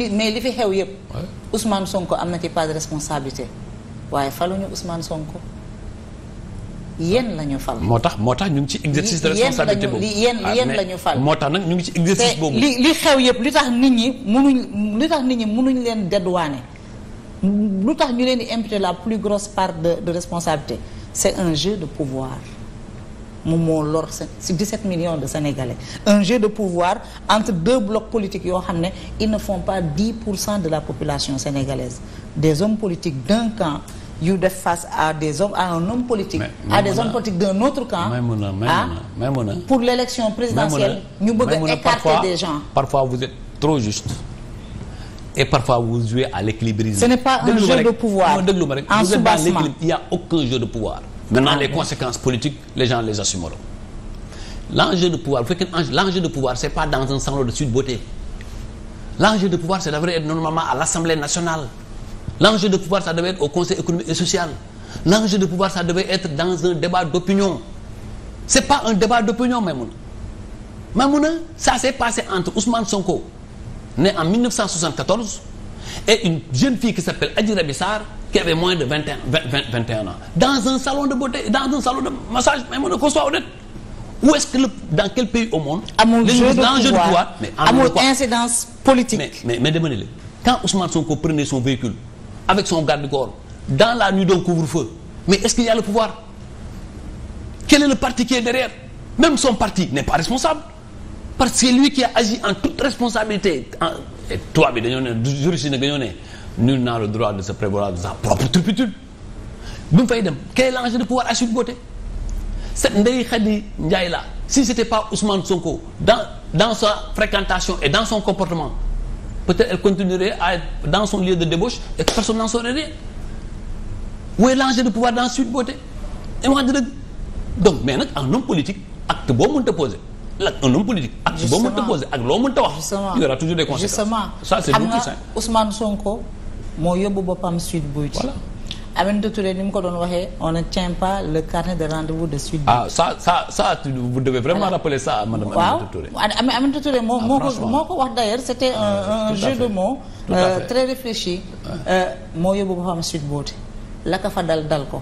bi mais li fi xew yëpp. Ousmane Sonko am na ci pas de responsabilité waaye faluñu Ousmane Sonko. yéen la ñu fal. moo tax moo tax ñu ngi ci exercice de responsabilité boobu yéen ah, yéen la ñu fal moo tax nag ñu ngi ci exercice boobu. li li xew yëpp li tax nit ñi munuñ li tax nit ñi munuñ leen dédouané lu tax ñu leen di imputer la plus grosse part de de responsabilité c'est un jeu de pouvoir. moom moo lor si 17 de sénégalais un jeu de pouvoir entre deux blocs politiques yoo xam ne ils ne font pas 10 pour cent de la population sénégalaise des hommes politiques d'un camp yu def face à des hommes à un homme à des hommes politiques d'un autre camp. Maïmouna, ah, Maïmouna, pour l'élection présidentielle ñu bëgg a écarter des gens. parfois vous êtes trop juste. et parfois vous jouez à l'équilibrisme. ce n'est pas un jeu de pouvoir. en soubassement il y a aucun jeu de pouvoir. maintenant les conséquences politiques les gens les assumeront l'enjeu de pouvoir bu fekkee l'enjeu de pouvoir c'est pas dans un salon de suite beauté l'enjeu de pouvoir ça devrait être normalement à l'Assemblée nationale l'enjeu de pouvoir ça devait être au Conseil économique et social l'enjeu de pouvoir ça devait être dans un débat d'opinion c'est pas un débat d'opinion Maïmouna Maïmouna ça s'est passé entre Ousmane Sonko né en et une jeune fille qui s'appelle Adji Raby Sarr qui avait moins de vingt et un vingt et un ans dans un salon de beauté dans un salon de massage mais mën na ko soit honnête où est-ce que le dans quel pays au monde. amul jeu de pouvoir mais amul incidence politique. mais mais mais dama ne quand Ousmane Sonko prenait son véhicule avec son garde-corps dans la nuit d'un couvre-feu mais est-ce qu'il y a le pouvoir quel est le parti qui est derrière même son parti n'est pas parce que c'est lui e tubaab bi dañoo ne juriste yi nag le droit de se prévaloir sa propre turpitude bi mu fay dem quel est de pouvoir acheter une beauté cette Ndeye Khady Ndiaye là si c'était pas Ousmane Sonko dans dans sa fréquentation et dans son comportement peut-être elle continuerait à être dans son lieu de débauche et personne n'en saurait rien où est de pouvoir dans Sweet Beauté dañu wax dëgg donc mais nag en homme politique acte boo mënta poser la un homme politique. ak boo mënta posé ak loo mënta wax. il y aura toujours des conséquences. justement ça c'est beaucoup simple. Sonko moo yóbbu boppam Sweet Beauty. voilà Aminata Touré ni mu ko doon waxee on ne tient pas le carnet de rendez-vous de Sweet Beauty. ah ça ça ça vous devez vraiment voilà. rappeler ça à madame Aminata Touré. waaw moo ah, ah, de mots. Euh, très réfléchi. Euh, moo yóbbu boppam Sweet Beauty. la ka fa dal dal ko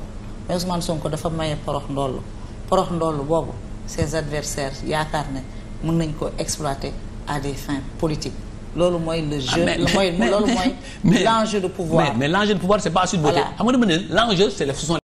mais Ousmane Sonko dafa maye porox ndollu porox ndollu boobu. ses adversaires yaakaar ne mën nañ ko exploiter à des fins politiques loolu mooy le jeu ah, mooy loolu mooy l'enjeu de pouvoir mais l'enjeu de pouvoir c'est pas Sud Beauté xam nga dama l'enjeu c'est le